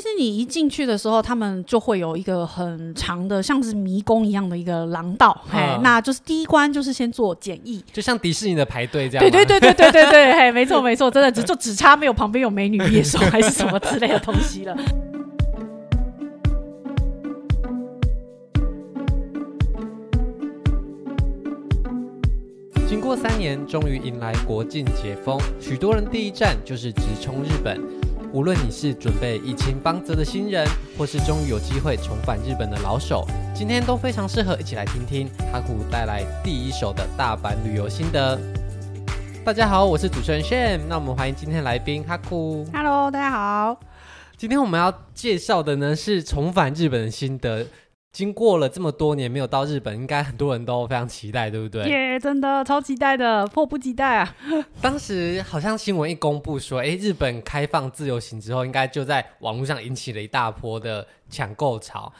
其實你一進去的時候，他們就會有一個很長的，像是迷宮一樣的一個廊道、嗯嘿，那就是第一關，就是先做檢疫，就像迪士尼的排隊這樣。對對對對對對對， 嘿，沒錯沒錯，真的只就，就只差沒有旁邊有美女野獸 還是什麼之類的東西了。經過三年，終於迎來國境解封，許多人第一站就是直衝日本。無論你是準備一親芳澤的新人，或是終於有機會重返日本的老手，今天都非常適合一起來聽聽 Haku 帶來第一手的大阪旅遊心得。大家好，我是主持人 Shane，那我們歡迎今天來賓 Haku。Hello，大家好。今天我們要介紹的呢是重返日本的心得。經過了這麼多年沒有到日本，應該很多人都非常期待，對不對？耶，yeah, 真的超期待的，迫不及待啊！ 當時好像新聞一公布說，誒，日本開放自由行之後，應該就在網絡上引起了一大波的搶購潮。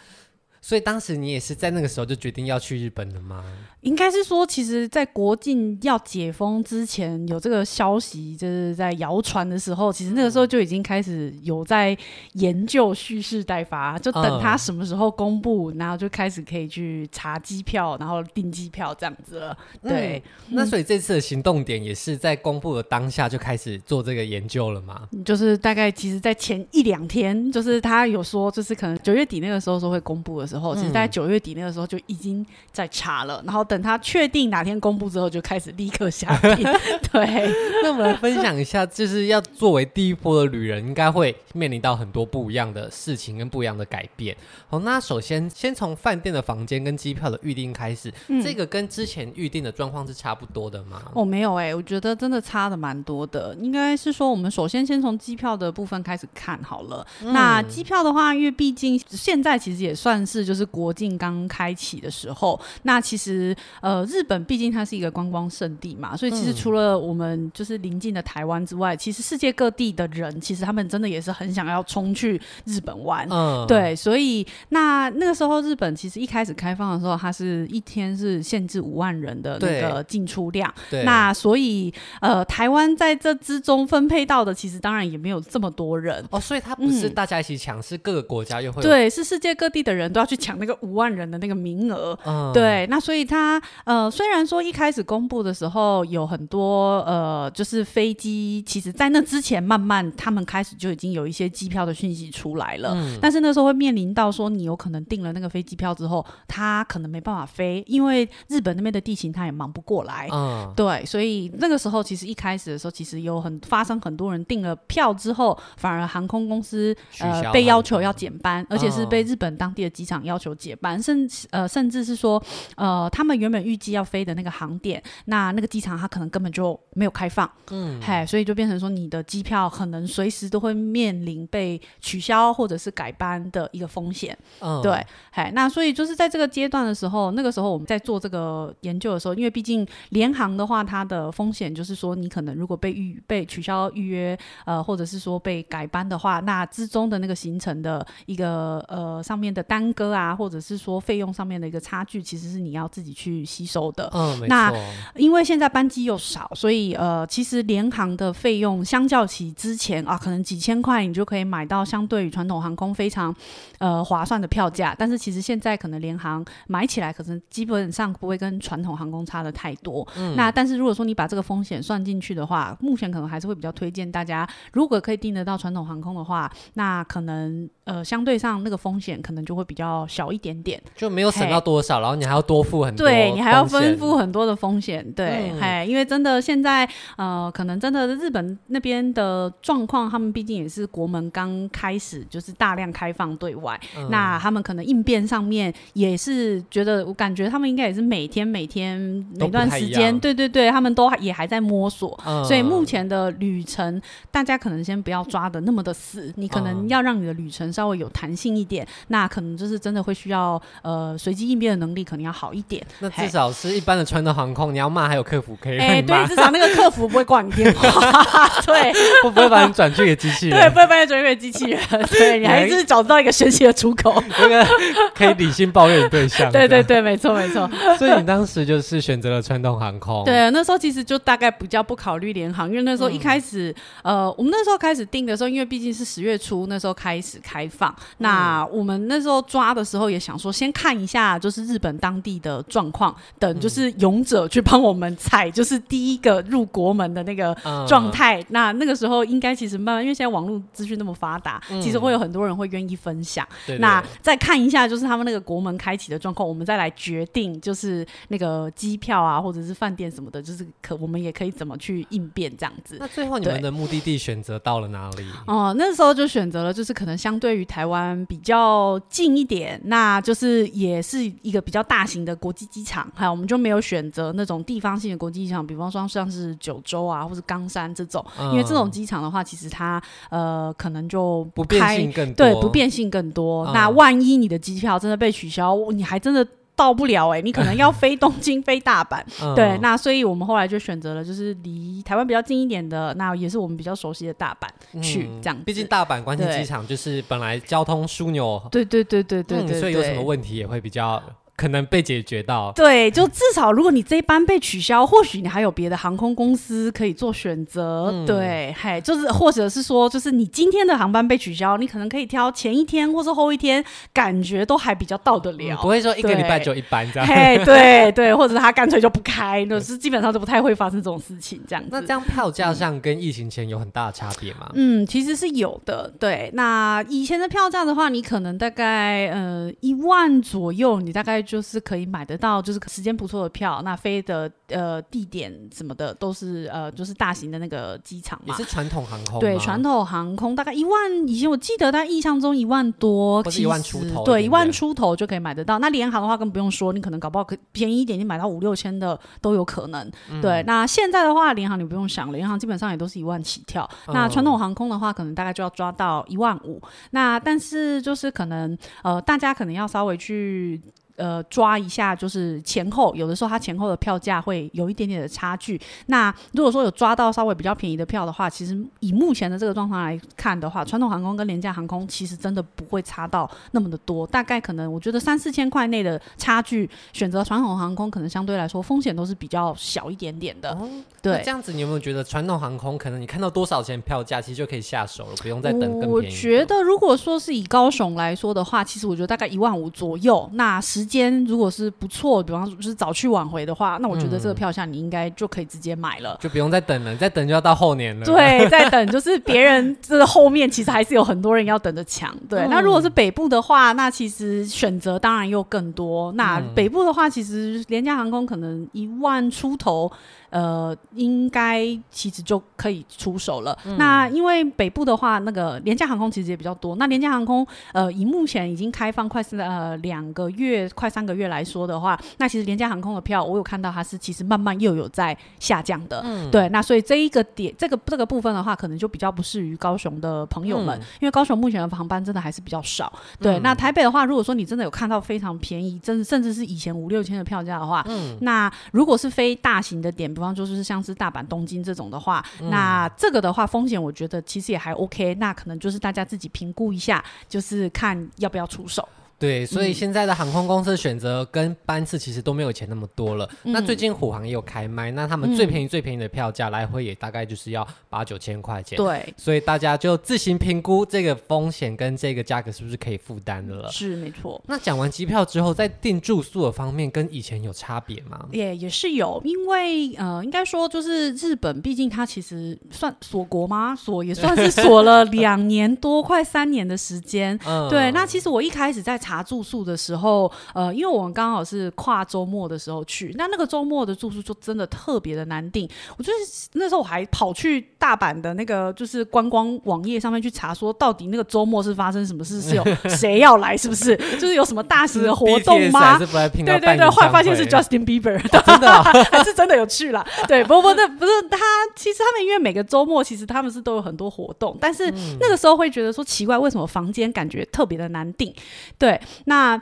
所以當時你也是在那個時候就決定要去日本了嗎？應該是說，其實，在國境要解封之前有這個消息，就是在謠傳的時候，其實那個時候就已經開始有在研究蓄勢待發，就等他什麼時候公布，嗯、然後就開始可以去查機票，然後訂機票這樣子了。對，嗯嗯、那所以這次的行動點也是在公布的當下就開始做這個研究了嗎？就是大概其實，在前一兩天，就是他有說，就是可能九月底那個時候說會公布的時候。時候，其實在九月底那個時候就已經在查了，嗯、然後等他確定哪天公布之後，就開始立刻下定。 對，那我們來分享一下，就是要作為第一波的旅人，應該會面臨到很多不一樣的事情跟不一樣的改變。好、哦，那首先先從飯店的房間跟機票的預定開始，嗯、這個跟之前預定的狀況是差不多的嗎？哦，沒有誒、欸，我覺得真的差得蠻多的。應該是說，我們首先先從機票的部分開始看好了。嗯、那機票的話，因為畢竟現在其實也算是。就是國境剛開啟的時候，那其實呃，日本畢竟它是一個觀光勝地嘛，所以其實除了我們就是鄰近的台灣之外，嗯、其實世界各地的人其實他們真的也是很想要衝去日本玩，嗯、對，所以那那個時候日本其實一開始開放的時候，它是一天是限制五萬人的那個進出量，對對，那所以呃，台灣在這之中分配到的，其實當然也沒有這麼多人哦，所以它不是大家一起搶，是各個國家又會、嗯，對，是世界各地的人都要。去搶那個五萬人的那個名額，嗯、對，那所以他呃，雖然說一開始公布的時候有很多呃，就是飛機，其實在那之前，慢慢他們開始就已經有一些機票的訊息出來了，嗯、但是那時候會面臨到說，你有可能訂了那個飛機票之後，他可能沒辦法飛，因為日本那邊的地勤，他也忙不過來，嗯、對，所以那個時候其實一開始的時候，其實有很發生很多人訂了票之後，反而航空公司呃被要求要減班，嗯、而且是被日本當地的機場。要求解班，甚呃甚至是說，呃，他們原本預計要飛的那個航點，那那個機場它可能根本就沒有開放，嗯，哎，所以就變成說，你的機票可能隨時都會面臨被取消或者是改班的一個風險，嗯，對，哎，那所以就是在這個階段的時候，那個時候我們在做這個研究的時候，因為畢竟聯航的話，它的風險就是說，你可能如果被預被取消預約，呃，或者是說被改班的話，那之中的那個行程的一個呃上面的耽擱。啊，或者是說費用上面的一個差距，其實是你要自己去吸收的。哦、那因為現在班機又少，所以呃，其實廉航的費用相較起之前啊，可能幾千塊你就可以買到相對於傳統航空非常呃划算的票價。但是其實現在可能廉航買起來，可能基本上不會跟傳統航空差的太多。嗯、那但是如果說你把這個風險算進去的話，目前可能還是會比較推薦大家，如果可以訂得到傳統航空的話，那可能呃相對上那個風險可能就會比較小一點點，就沒有省到多少，嘿然後你還要多付很多，對，你還要分付很多的風險，對，哎、嗯，因為真的現在呃，可能真的日本那邊的狀況，他們畢竟也是國門剛開始就是大量開放對外，嗯、那他們可能應變上面也是覺得，我感覺他們應該也是每天每天每段時間，對對對，他們都也還在摸索，嗯、所以目前的旅程大家可能先不要抓得那麼的死，你可能要讓你的旅程稍微有彈性一點，嗯、那可能就是。真的會需要呃隨機應變的能力，可能要好一點。那至少是一般的傳統航空，你要罵還有客服可以罵。哎，對，至少那個客服不會掛你電話。對，不不會把你轉去給機器人。對，不會把你轉去給機器人。對，你還是找不到一個學習的出口，那個可以理性抱怨的對象。對對對，沒錯沒錯。所以你當時就是選擇了傳統航空。對，那時候其實就大概比較不考慮聯航，因為那時候一開始呃，我們那時候開始訂的時候，因為畢竟是十月初，那時候開始開放，那我們那時候抓。的時候也想說，先看一下就是日本當地的狀況，等就是勇者去幫我們踩，就是第一個入國門的那個狀態。嗯、那那個時候應該其實慢慢，因為現在網絡資訊那麼發達，嗯、其實會有很多人會願意分享。對對對，那再看一下就是他們那個國門開啟的狀況，我們再來決定就是那個機票啊，或者是飯店什麼的，就是可我們也可以怎麼去應變這樣子。那最後你們的目的地對選擇到了哪裡？哦，呃，那時候就選擇了就是可能相對於台灣比較近一點。那就是也是一個比較大型的國際機場，還有我們就沒有選擇那種地方性的國際機場，比方說像是九州啊或者岡山這種，嗯、因為這種機場的話，其實它呃可能就不便性更對不便性更多。更多嗯，那萬一你的機票真的被取消，你還真的。到不了哎、欸，你可能要飛東京，飛大阪。 嗯、對，那所以我們後來就選擇了，就是離台灣比較近一點的，那也是我們比較熟悉的大阪去這樣。畢、嗯、竟大阪關西機場就是本來交通樞紐，對對對對對，所以有什麼問題也會比較。可能被解決到對，就至少如果你這一班被取消，或許你還有別的航空公司可以做選擇。嗯、對，嘿，就是或者是說，就是你今天的航班被取消，你可能可以挑前一天或是後一天，感覺都還比較到得了。嗯、不會說一個禮拜就一班這樣。對對嘿，對 對，或者他乾脆就不開，那就是基本上就不太會發生這種事情這樣子。那這樣票價上跟疫情前有很大的差別嗎？嗯，其實是有的。對，那以前的票價的話，你可能大概呃一萬左右，你大概。就是可以買得到，就是時間不錯的票，那飛的呃地點什麼的都是呃就是大型的那個機場嘛，也是傳統航空對傳統航空大概一萬以前我記得在印象中一萬多，或是一萬出頭一點點，對一萬出頭就可以買得到。那聯航的話更不用說，你可能搞不好可便宜一點，你買到五六千的都有可能。嗯、對，那現在的話聯航你不用想了，聯航基本上也都是一萬起跳。嗯、那傳統航空的話，可能大概就要抓到一萬五。那但是就是可能呃大家可能要稍微去。呃，抓一下就是前後，有的時候它前後的票價會有一點點的差距。那如果說有抓到稍微比較便宜的票的話，其實以目前的這個狀況來看的話，傳統航空跟廉價航空其實真的不會差到那麼的多。大概可能我覺得三四千塊內的差距，選擇傳統航空可能相對來說風險都是比較小一點點的。哦、對，這樣子你有沒有覺得傳統航空可能你看到多少錢票價其實就可以下手了，不用再等更便宜？我覺得如果說是以高雄來說的話，其實我覺得大概一萬五左右，那十。間如果是不錯，比方說是早去晚回的話，那我覺得這個票價你應該就可以直接買了，嗯，就不用再等了。再等就要到後年了。對， 再等就是別人，這後面其實還是有很多人要等着搶。對，嗯、那如果是北部的話，那其實選擇當然又更多。那北部的話，其實廉價航空可能一萬出頭。呃，應該其實就可以出手了。嗯、那因為北部的話，那個廉價航空其實也比較多。那廉價航空，呃，以目前已經開放快四呃兩個月快三個月來說的話，那其實廉價航空的票我有看到它是其實慢慢又有在下降的。嗯、對。那所以這一個點，這個這個部分的話，可能就比較不適於高雄的朋友們，嗯、因為高雄目前的航班真的還是比較少。對。嗯、那台北的話，如果說你真的有看到非常便宜，真的甚至是以前五六千的票價的話，嗯、那如果是非大型的點。比方就是像是大阪、東京這種的話，嗯。那這個的話風險，我覺得其實也還 OK。那可能就是大家自己評估一下，就是看要不要出手。對，所以現在的航空公司選擇跟班次其實都沒有以前那麼多了。嗯、那最近虎航也有開賣，嗯、那他們最便宜最便宜的票價來回也大概就是要八九千塊錢。對，所以大家就自行評估這個風險跟這個價格是不是可以負擔的了。是，沒錯。那講完機票之後，在訂住宿的方面跟以前有差別嗎？也也是有，因為呃，應該說就是日本，畢竟它其實算鎖國嘛，鎖也算是鎖了兩年多， 快三年的時間。嗯、對，那其實我一開始在查住宿的時候，呃，因為我們剛好是跨週末的時候去，那那個週末的住宿就真的特別的難訂。我就是那時候我還跑去大阪的那個就是觀光網頁上面去查，說到底那個週末是發生什麼事，是有誰要來，是不是？ 就是有什麼大型的活動嗎？對對對，後來發現是 Justin Bieber，哦、 真的 還是真的有去了？對，不，不不，那不是他。其實他們因為每個週末其實他們是都有很多活動，但是那個時候會覺得說奇怪，為什麼房間感覺特別的難訂？對。那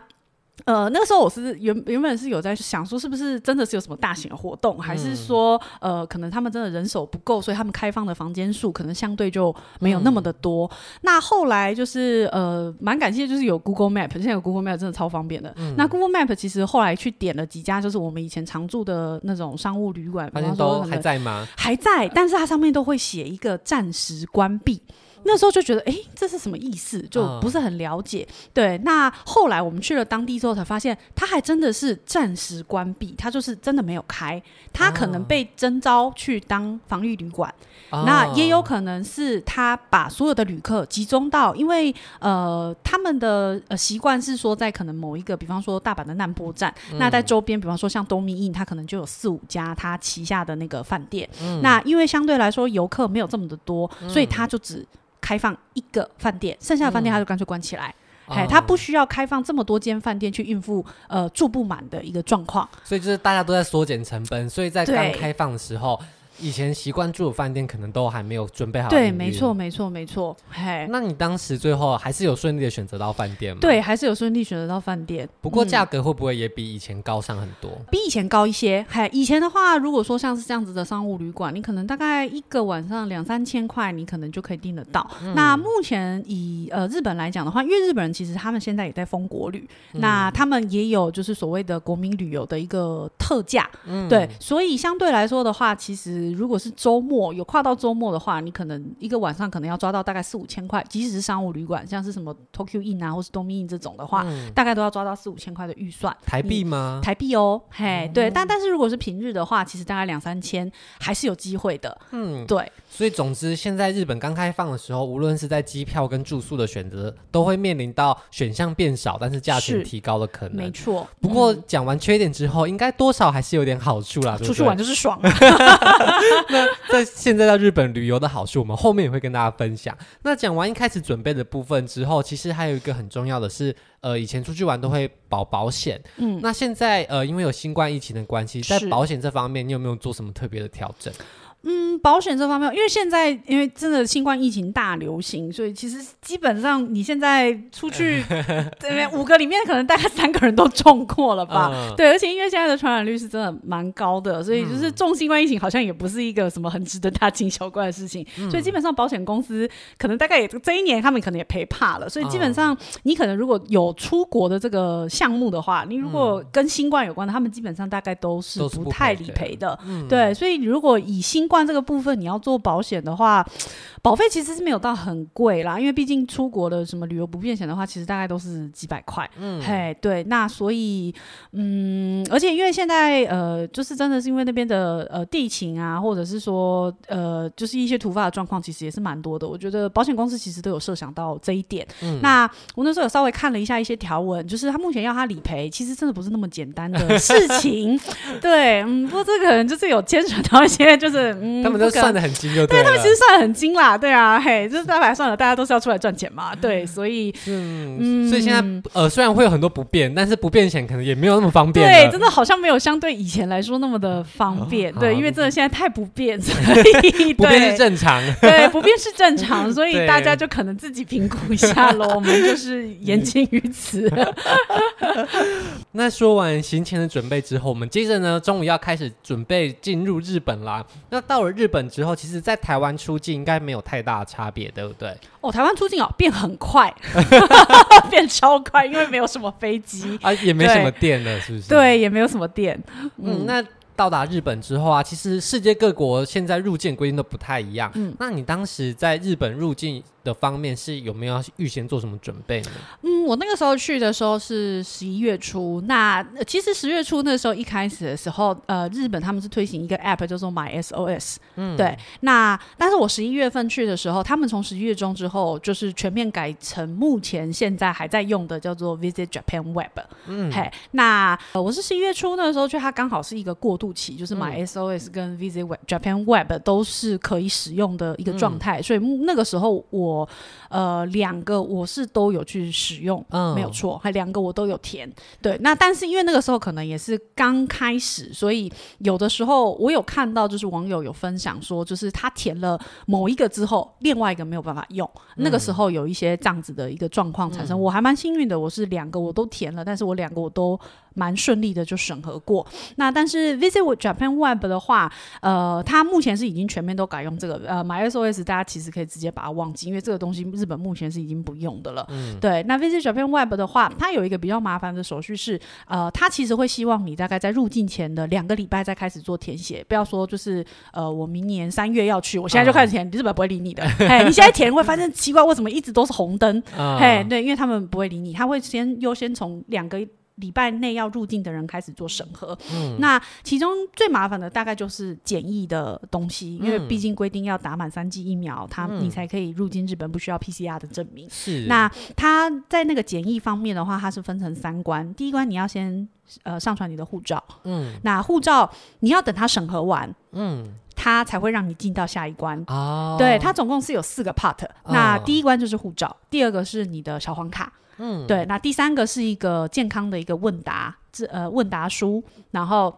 呃，那個時候我是原原本是有在想說，是不是真的是有什麼大型的活動，嗯、還是說呃，可能他們真的人手不夠，所以他們開放的房間數可能相對就沒有那麼的多。嗯、那後來就是呃，蠻感謝，就是有 Google Map，現在有 Google Map 真的超方便的。嗯、那 Google Map 其實後來去點了幾家，就是我們以前常住的那種商務旅館，發現都還在嗎？還在，但是它上面都會寫一個暫時關閉。那時候就覺得，哎、欸，這是什麼意思？就不是很了解。啊、對，那後來我們去了當地之後，才發現他還真的是暫時關閉，他就是真的沒有開。他可能被徵召去當防疫旅館，啊、那也有可能是他把所有的旅客集中到，因為呃，他們的呃習慣是說在可能某一個，比方說大阪的難波站，嗯、那在周邊，比方說像東密印，他可能就有四五家他旗下的那個飯店。嗯、那因為相對來說遊客沒有這麼的多，所以他就只。開放一個飯店，剩下的飯店他就乾脆關起來。哎、嗯，hey, 他不需要開放這麼多間飯店去應付呃住不滿的一個狀況，所以就是大家都在縮減成本。所以在剛開放的時候。以前習慣住的飯店，可能都還沒有準備好。對，沒錯，沒錯，沒錯。嘿，那你當時最後還是有順利的選擇到飯店嗎？對，還是有順利選擇到飯店。不過價格會不會也比以前高上很多、嗯？比以前高一些。嘿，以前的話，如果說像是這樣子的商務旅館，你可能大概一個晚上兩三千塊，你可能就可以訂得到。嗯、那目前以呃日本來講的話，因為日本人其實他們現在也在封國旅，嗯、那他們也有就是所謂的國民旅遊的一個特價，嗯、對，所以相對來說的話，其實。如果是週末有跨到週末的話，你可能一個晚上可能要抓到大概四五千塊，即使是商務旅館，像是什麼 Tokyo Inn 啊，或是 Dormy Inn 這種的話，嗯、大概都要抓到四五千塊的預算。台幣嗎？台幣哦、喔，嘿，嗯、對。但但是如果是平日的話，其實大概兩三千還是有機會的。嗯，對。所以總之，現在日本剛開放的時候，無論是在機票跟住宿的選擇，都會面臨到選項變少，但是價錢提高的可能。沒錯。不過講、嗯、完缺點之後，應該多少還是有點好處啦。對對出去玩就是爽。 那在現在在日本旅遊的好處，我們後面也會跟大家分享。那講完一開始準備的部分之後，其實還有一個很重要的是，呃，以前出去玩都會保保險，嗯，那現在呃，因為有新冠疫情的關係，是在保險這方面，你有沒有做什麼特別的調整？嗯，保險這方面，因為現在因為真的新冠疫情大流行，所以其實基本上你現在出去 對，五個裡面，可能大概三個人都中過了吧。嗯、對，而且因為現在的傳染率是真的蠻高的，所以就是中新冠疫情好像也不是一個什麼很值得大驚小怪的事情。嗯、所以基本上保險公司可能大概也這一年，他們可能也賠怕了。所以基本上你可能如果有出國的這個項目的話，嗯、你如果跟新冠有關的，他們基本上大概都是不太理賠的。對，所以如果以新冠。換這個部分，你要做保險的話，保費其實是沒有到很貴啦，因為畢竟出國的什麼旅遊不便險的話，其實大概都是幾百塊。嗯，嘿，對，那所以，嗯，而且因為現在呃，就是真的是因為那邊的呃地勤啊，或者是說呃，就是一些突發的狀況，其實也是蠻多的。我覺得保險公司其實都有設想到這一點。嗯，那我那時候有稍微看了一下一些條文，就是他目前要他理賠，其實真的不是那麼簡單的事情。 對，嗯，不過 這可能就是有牽扯到一些就是。他們都算得很精就對，對、嗯，對，他們其實算得很精啦，對啊，嘿，就是大家來算了，大家都是要出來賺錢嘛，對，所以，嗯，嗯所以現在呃，雖然會有很多不便，但是不便險可能也沒有那麼方便，對，真的好像沒有相對以前來說那麼的方便，啊、對，因為真的現在太不便，所以啊、對， 不便是正常，對， 對，不便是正常，所以大家就可能自己評估一下嘍，對我們就是言盡於此。那說完行前的準備之後，我們接着呢，終於要開始準備進入日本啦，那。到了日本之後，其實在台灣出境應該沒有太大差別，對不對？哦，台灣出境哦，變很快， 變超快， 因為沒有什麼飛機啊，也沒什麼電了，對是不是？對，也沒有什麼電。嗯，嗯，那到達日本之後啊，其實世界各國現在入境規定都不太一樣。嗯，那你當時在日本入境，的方面是有沒有要預先做什麼準備呢？嗯，我那個時候去的時候是十一月初。那其實十月初那時候一開始的時候，呃，日本他們是推行一個 app 叫做 MySOS。嗯，對。那但是我十一月份去的時候，他們從十一月中之後就是全面改成目前現在還在用的叫做 Visit Japan Web。嗯，嘿。那我是十一月初那個時候去，它剛好是一個過渡期，就是 MySOS 跟 Visit Japan、嗯、Japan Web 都是可以使用的一個狀態。嗯、所以那個時候我。呃，兩個我是都有去使用，嗯，沒有錯，還兩個我都有填。對，那但是因為那個時候可能也是剛開始，所以有的時候我有看到就是網友有分享說，就是他填了某一個之後，另外一個沒有辦法用。嗯、那個時候有一些這樣子的一個狀況產生，嗯、我還蠻幸運的，我是兩個我都填了，但是我兩個我都。蠻順利的就審核過。那但是 Visit Japan Web 的話，呃，它目前是已經全面都改用這個。呃，MySOS，大家其實可以直接把它忘記，因為這個東西日本目前是已經不用的了。嗯、對，那 Visit Japan Web 的話，它有一個比較麻煩的手續是，呃，它其實會希望你大概在入境前的兩個禮拜再開始做填寫，不要說就是，呃，我明年三月要去，我現在就開始填，嗯、日本不會理你的。嘿， hey, 你現在填會發現奇怪，為什麼一直都是紅燈？嘿、嗯，hey, 對，因為他們不會理你，他會先優先從兩個。禮拜內要入境的人開始做審核，嗯，那其中最麻煩的大概就是檢疫的東西，嗯，因為畢竟規定要打滿三劑疫苗，他，嗯，你才可以入境日本，不需要 PCR 的證明。是，那他在那個檢疫方面的話，它是分成三關，第一關你要先呃上傳你的護照，嗯，那護照你要等他審核完，嗯，他才會讓你進到下一關。哦，對，它總共是有四個 part，哦，那第一關就是護照，第二個是你的小黃卡。嗯，對，那第三個是一個健康的一個問答，這呃問答書，然後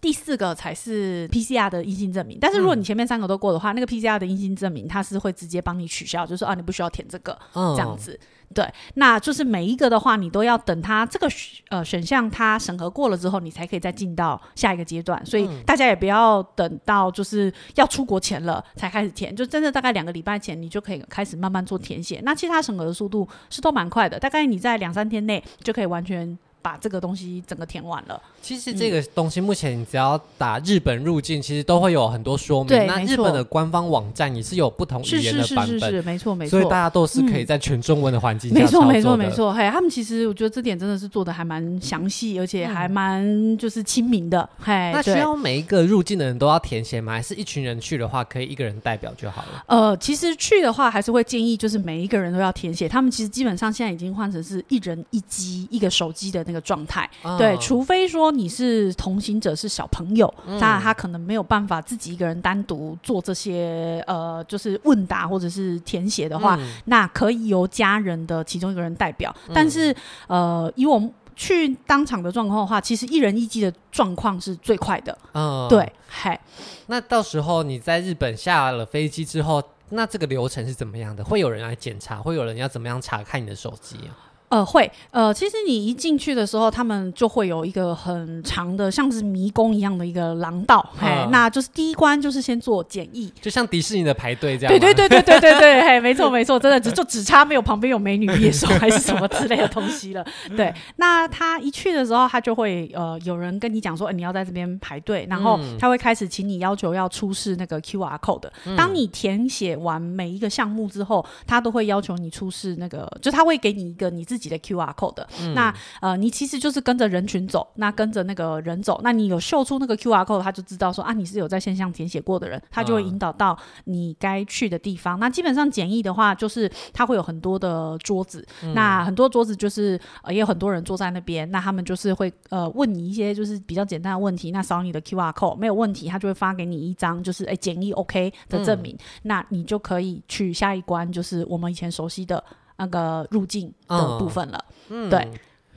第四個才是 PCR 的陰性證明。但是如果你前面三個都過的話，嗯、那個 PCR 的陰性證明它是會直接幫你取消，就是、說啊，你不需要填這個，哦、這樣子。對，那就是每一個的話，你都要等它，這個選呃選項，它審核過了之後，你才可以再進到下一個階段。所以大家也不要等到就是要出國前了才開始填，就真的大概兩個禮拜前，你就可以開始慢慢做填寫。嗯、那其實它審核的速度是都蠻快的，大概你在兩三天內就可以完全，把這個東西整個填完了。其實這個東西目前你只要打日本入境，其實都會有很多說明。嗯、對，那日本的官方網站也是有不同語言的版本。是是是是是，沒錯沒錯。所以大家都是可以在全中文的環境下、嗯、操作的。沒錯沒錯沒錯。嘿，他們其實我覺得這點真的是做得還蠻詳細，而且還蠻就是親民的。嘿，嗯、對那需要每一個入境的人都要填寫嗎？還是一群人去的話，可以一個人代表就好了？呃，其實去的話還是會建議就是每一個人都要填寫。他們其實基本上現在已經換成是一人一機，一個手機的那個的狀態，嗯、對，除非說你是同行者是小朋友，那、嗯、他可能沒有辦法自己一個人單獨做這些呃，就是問答或者是填寫的話，嗯、那可以由家人的其中一個人代表。嗯、但是呃，以我們去當場的狀況的話，其實一人一機的狀況是最快的。嗯，對，嗨。那到時候你在日本下了飛機之後，那這個流程是怎麼樣的？會有人來檢查？會有人要怎麼樣查看你的手機、啊嗯呃，會，呃，其實你一進去的時候，他們就會有一個很長的，像是迷宮一樣的一個廊道，嗯、嘿，那就是第一關，就是先做檢疫，就像迪士尼的排隊這樣。對,對,對,對,對,對，對，對，對，對，對，對，嘿，沒錯，沒錯，真的只就,就只差沒有旁邊有美女野獸還是什麼之類的東西了。 對，那他一去的時候，他就會呃，有人跟你講說，哎、呃，你要在這邊排隊，然後他會開始請你要求要出示那個 QR code。嗯、當你填寫完每一個項目之後，他都會要求你出示那個，就他會給你一個你自己。的 Q R code，的、嗯、那呃，你其實就是跟着人群走，那跟着那個人走，那你有秀出那個 Q R code，他就知道說啊，你是有在線上填寫過的人，他就會引導到你該去的地方。嗯、那基本上檢疫的話，就是他會有很多的桌子，嗯、那很多桌子就是、呃、也有很多人坐在那邊，那他們就是會呃問你一些就是比較簡單的問題，那掃你的 Q R code 沒有問題，他就會發給你一張就是誒，檢疫 O K 的證明，嗯、那你就可以去下一關，就是我們以前熟悉的。那個入境的部分了，嗯，對，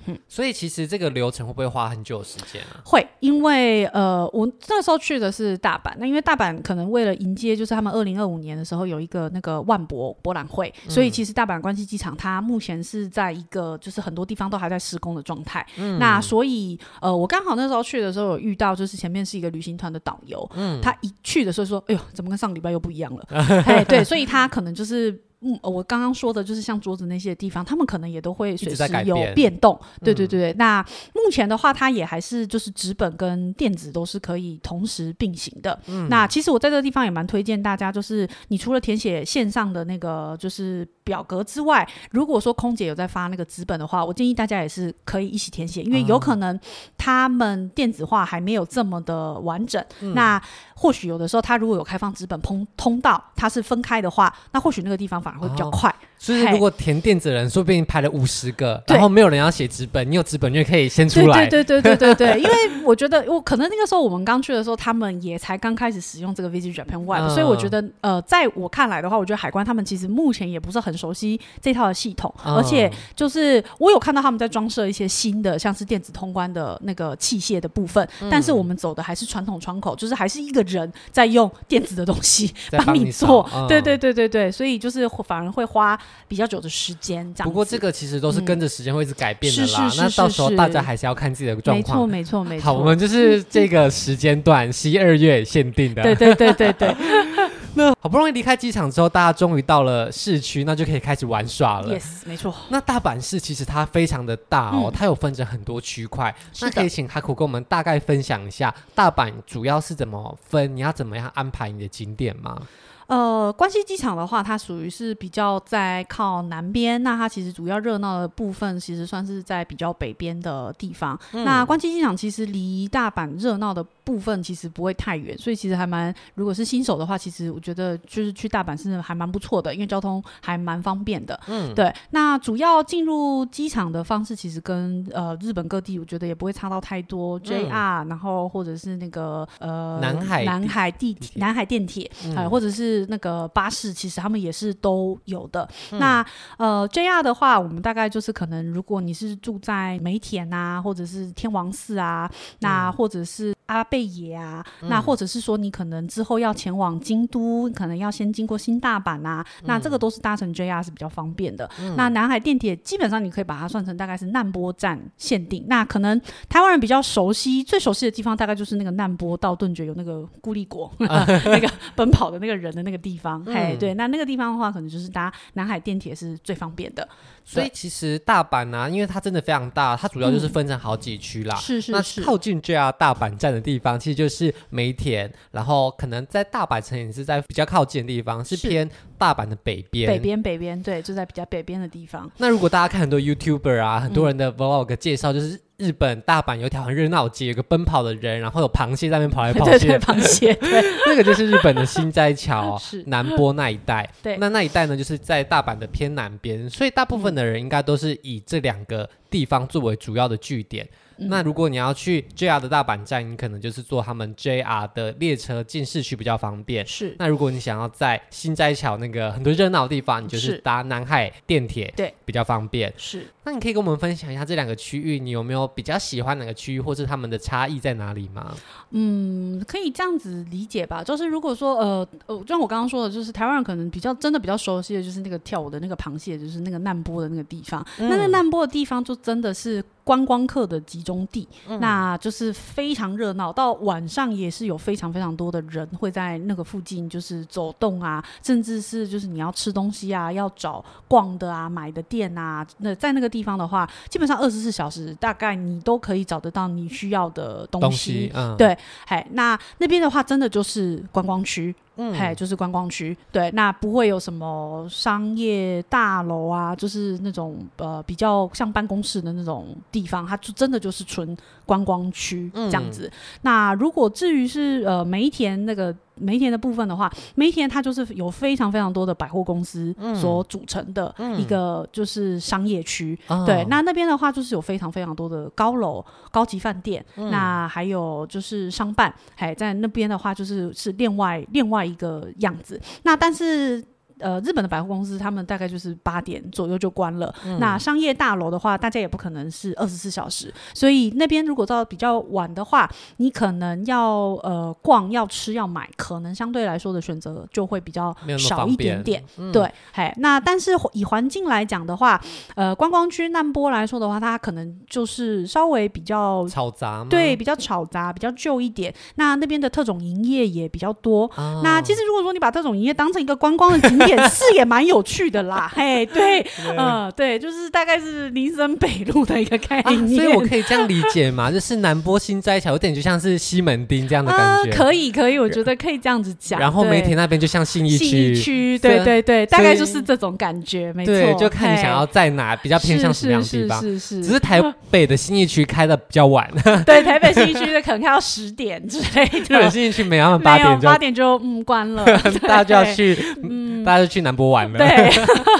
嗯，所以其實這個流程會不會花很久的時間啊？會，因為呃，我那時候去的是大阪，那因為大阪可能為了迎接，就是他們二零二五年的時候有一個那個萬博博覽會，嗯，所以其實大阪關西機場它目前是在一個就是很多地方都還在施工的狀態，嗯，那所以呃，我剛好那時候去的時候有遇到，就是前面是一個旅行團的導遊，嗯，他一去的時候說，哎呦，怎麼跟上個禮拜又不一樣了？哎， 對，所以他可能就是。嗯，我剛剛說的就是像桌子那些地方，他們可能也都會隨時有變動。一直在改變。對對對，嗯。那目前的話，它也還是就是紙本跟電子都是可以同時並行的。嗯。那其實我在這個地方也蠻推薦大家，就是你除了填寫線上的那個，就是。表格之外，如果說空姐有在發那個紙本的話，我建議大家也是可以一起填寫，因為有可能他們電子化還沒有這麼的完整。嗯、那或許有的時候，他如果有開放紙本通通道，他是分開的話，那或許那個地方反而會比較快。哦所以是如果填電子人說不定排了五十個，對然後沒有人要寫紙本，你有紙本就可以先出來。對，對對對對對對。 因為我覺得我可能那個時候我們剛去的時候，他們也才剛開始使用這個 Visit Japan Web，、嗯、所以我覺得呃，在我看來的話，我覺得海關他們其實目前也不是很熟悉這套的系統，嗯、而且就是我有看到他們在裝設一些新的，像是電子通關的那個器械的部分，嗯、但是我們走的還是傳統窗口，就是還是一個人在用電子的東西幫你做。你嗯、對對對對對，所以就是反而會花。比較久的時間，不過這個其實都是跟着時間會一直改變的啦。那到時候大家還是要看自己的狀況。沒錯，沒錯，沒錯。好，我們就是這個時間段，十一二月限定的。 對，對對對對對。 那好不容易離開機場之後，大家終於到了市區，那就可以開始玩耍了。Yes, 沒錯。那大阪市其實它非常的大哦，嗯、它有分成很多區塊。的那可以請哈庫跟我們大概分享一下大阪主要是怎麼分？你要怎麼樣安排你的景點嗎？呃，關西機場的話，它屬於是比較在靠南邊，那它其實主要熱鬧的部分，其實算是在比較北邊的地方。嗯、那關西機場其實離大阪熱鬧的部分其實不會太遠，所以其實還蠻，如果是新手的話，其實我覺得就是去大阪是還蠻不錯的，因為交通還蠻方便的。嗯，對。那主要進入機場的方式，其實跟呃日本各地，我覺得也不會差到太多，JR、嗯、然後或者是那個呃南海南海地鐵、南海電鐵，呃，或者是。那個巴士，其實他們也是都有的。嗯、那呃，JR 的話，我們大概就是可能，如果你是住在梅田啊，或者是天王寺啊，嗯、那或者是。阿倍野啊，嗯、那或者是說你可能之後要前往京都，可能要先經過新大阪啊。嗯、那這個都是搭乘 JR 是比較方便的。嗯、那南海電鐵基本上你可以把它算成大概是難波站限定。嗯、那可能台灣人比較熟悉、最熟悉的地方，大概就是那個難波道頓堀有那個固力果，啊、呵呵 那個奔跑的那個人的那個地方。嗯、嘿對，那那個地方的話，可能就是搭南海電鐵是最方便的。所以其實大阪啊，因為它真的非常大，它主要就是分成好幾區啦。嗯、是是是。那靠近 JR 大，大阪站的地方，其實就是梅田，然後可能在大阪城也是在比較靠近的地方，是偏大阪的北邊。北邊北邊，對，就在比較北邊的地方。那如果大家看很多 YouTuber 啊，很多人的 Vlog 介紹，就是。日本大阪有一條很熱鬧的街，有個奔跑的人，然後有螃蟹在那邊跑來跑去， 螃蟹，對 那個就是日本的心齋橋、哦、 南波那一帶。對，那那一帶呢，就是在大阪的偏南邊，所以大部分的人應該都是以這兩個。地方作為主要的據點。嗯、那如果你要去 JR 的大阪站，你可能就是坐他們 JR 的列車進市區比較方便。是。那如果你想要在心齋橋那個很多熱鬧的地方，你就是搭南海電鐵，對，比較方便。是。那你可以跟我們分享一下這兩個區域，你有沒有比較喜歡哪個區域，或是他們的差異在哪裡嗎？嗯，可以這樣子理解吧。就是如果說呃呃，就像我剛剛說的，就是台灣人可能比較真的比較熟悉的就是那個跳舞的那個螃蟹，就是那個難波的那個地方。嗯、那那難波的地方就。真的是觀光客的集中地，嗯、那就是非常熱鬧。到晚上也是有非常非常多的人會在那個附近，就是走動啊，甚至是就是你要吃東西啊，要找逛的啊、買的店啊。那在那個地方的話，基本上二十四小時，大概你都可以找得到你需要的東西。東西嗯、對，嘿，那那邊的話，真的就是觀光區。嗯，嘿，就是觀光區，對，那不會有什麼商業大樓啊，就是那種呃比較像辦公室的那種地方，它就真的就是純觀光區這樣子。嗯，那如果至於是呃梅田那個。梅田的部分的話，梅田它就是有非常非常多的百貨公司所組成的一個就是商業區，嗯嗯、對，那那邊的話就是有非常非常多的高樓、高級飯店，嗯、那還有就是商辦，還在那邊的話就是是另外另外一個樣子，那但是。呃，日本的百貨公司，他們大概就是八點左右就關了。嗯、那商業大樓的話，大家也不可能是二十四小時，所以那邊如果到比較晚的話，你可能要呃逛、要吃、要買，可能相對來說的選擇就會比較少一點點。嗯、對，嘿。那但是以環境來講的話，呃，觀光區難波來說的話，它可能就是稍微比較吵雜，對，比較吵雜，比較舊一點。那那邊的特種營業也比較多。啊、那其實如果說你把特種營業當成一個觀光的景點， 夜市也蠻有趣的啦，嘿，對，嗯，對，就是大概是林森北路的一個概念，所以我可以這樣理解嘛？就是南波心齋橋，有點就像是西門町這樣的感覺，可以，可以，我覺得可以這樣子講。然後梅田那邊就像信義區，對對對，大概就是這種感覺，沒錯，就看你想要在哪，比較偏向什麼樣地方。是是，只是台北的信義區開的比較晚，對，台北信義區可能開到十點之類的，新一信義區每晚八點八點就嗯關了，大家就要去嗯。還是去難波玩的。對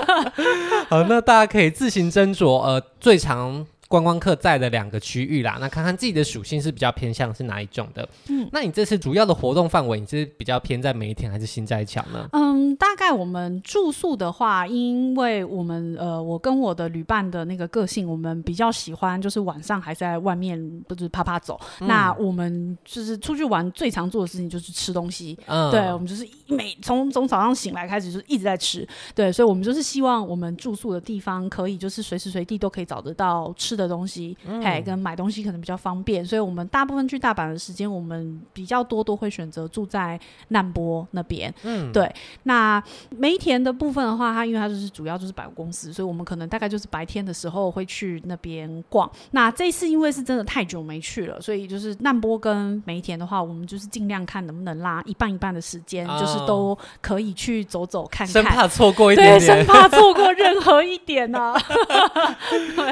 好，那大家可以自行斟酌。呃，最長，觀光客在的兩個區域啦，那看看自己的屬性是比較偏向是哪一種的？嗯，那你這次主要的活動範圍，你是比較偏在梅田還是心齋橋呢？嗯，大概我們住宿的話，因為我們呃，我跟我的旅伴的那個個性，我們比較喜歡就是晚上還在外面就是啪啪走。嗯，那我們就是出去玩最常做的事情就是吃東西。嗯，對，我們就是每從從早上醒來開始就是一直在吃。對，所以我們就是希望我們住宿的地方可以就是隨時隨地都可以找得到吃的東西，哎、嗯，跟買東西可能比較方便，所以我們大部分去大阪的時間，我們比較多都會選擇住在難波那邊。嗯，對。那梅田的部分的話，它因為它就是主要就是百貨公司，所以我們可能大概就是白天的時候會去那邊逛。那這一次因為是真的太久沒去了，所以就是難波跟梅田的話，我們就是盡量看能不能拉一半一半的時間，哦、就是都可以去走走看看，生怕錯過一點點，對，生怕錯過任何一點呢、啊。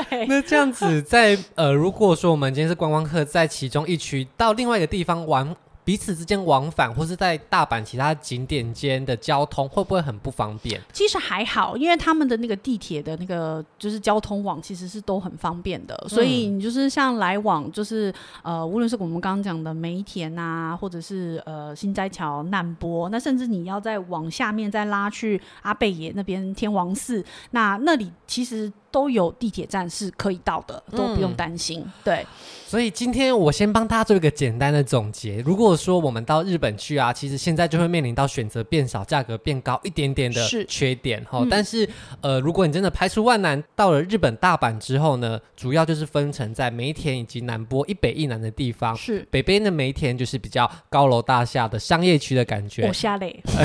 對，那這樣子。 在呃，如果說我們今天是觀光客，在其中一區到另外一個地方玩，彼此之間往返，或是在大阪其他景點間的交通，會不會很不方便？其實還好，因為他們的那個地鐵的那個就是交通網，其實是都很方便的。嗯、所以你就是像來往，就是呃，無論是我們剛剛講的梅田啊，或者是呃心齋橋難波，那甚至你要再往下面再拉去阿倍野那邊天王寺，那那裡其實。都有地鐵站是可以到的，都不用擔心。嗯、對，所以今天我先幫大家做一個簡單的總結。如果說我們到日本去啊，其實現在就會面臨到選擇變少，價格變高一點點的缺點是、哦、但是、嗯、呃，如果你真的排除萬難到了日本大阪之後呢，主要就是分成在梅田以及南波一北一南的地方。是北邊的梅田就是比較高樓大廈的商業區的感覺。我下嘞。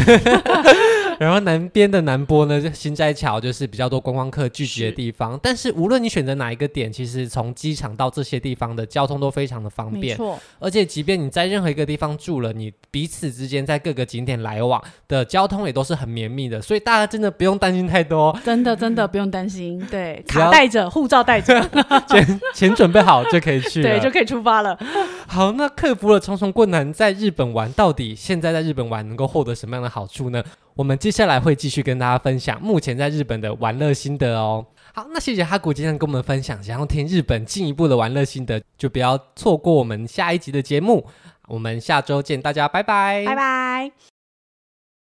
然後南邊的南波呢，就心齋橋，就是比較多觀光客聚集的地方。是。但是無論你選擇哪一個點，其實從機場到這些地方的交通都非常的方便。沒錯，而且即便你在任何一個地方住了，你彼此之間在各個景點來往的交通也都是很綿密的。所以大家真的不用擔心太多，真的真的不用擔心。嗯、對，卡帶着，護要照帶着，錢錢 準備好就可以去了，對，就可以出發了。 好，那克服了重重困難，在日本玩，到底現在在日本玩能夠獲得什麼樣的好處呢？我們接下來會繼續跟大家分享目前在日本的玩樂心得哦。好，那謝謝 Haku 今天跟我們分享，想要聽日本進一步的玩樂心得，就不要錯過我們下一集的節目。我們下周見，大家拜拜，拜拜。拜拜。